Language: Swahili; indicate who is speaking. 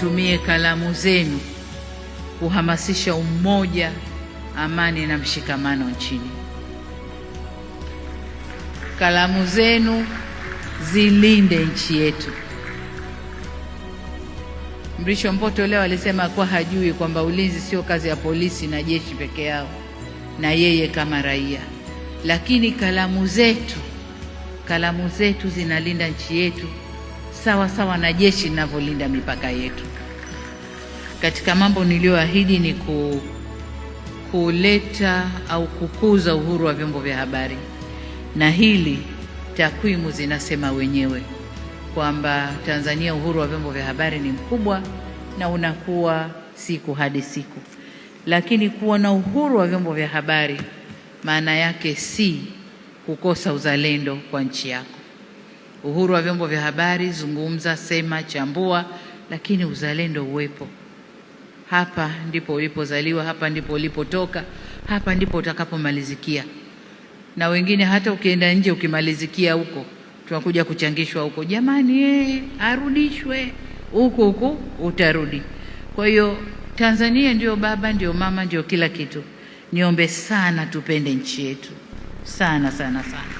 Speaker 1: mtumie kalamu zenu kuhamasisha umoja, amani na mshikamano nchini. Kalamu zenu zilinde nchi yetu. Mrisho Mpoto leo alisema kuwa hajui kwamba ulinzi sio kazi ya polisi na jeshi peke yao, na yeye kama raia. Lakini kalamu zetu, kalamu zetu zinalinda nchi yetu sawa sawa na jeshi linavyolinda mipaka yetu. Katika mambo niliyoahidi ni ku, kuleta au kukuza uhuru wa vyombo vya habari, na hili takwimu zinasema wenyewe kwamba Tanzania uhuru wa vyombo vya habari ni mkubwa na unakuwa siku hadi siku, lakini kuwa na uhuru wa vyombo vya habari maana yake si kukosa uzalendo kwa nchi yako uhuru wa vyombo vya habari, zungumza, sema, chambua, lakini uzalendo uwepo. Hapa ndipo ulipozaliwa, hapa ndipo ulipotoka, hapa ndipo utakapomalizikia. Na wengine hata ukienda nje ukimalizikia huko, tunakuja kuchangishwa huko, jamani, eh, arudishwe huko huko, utarudi. Kwa hiyo Tanzania ndio baba, ndio mama, ndio kila kitu. Niombe sana tupende nchi yetu sana sana sana.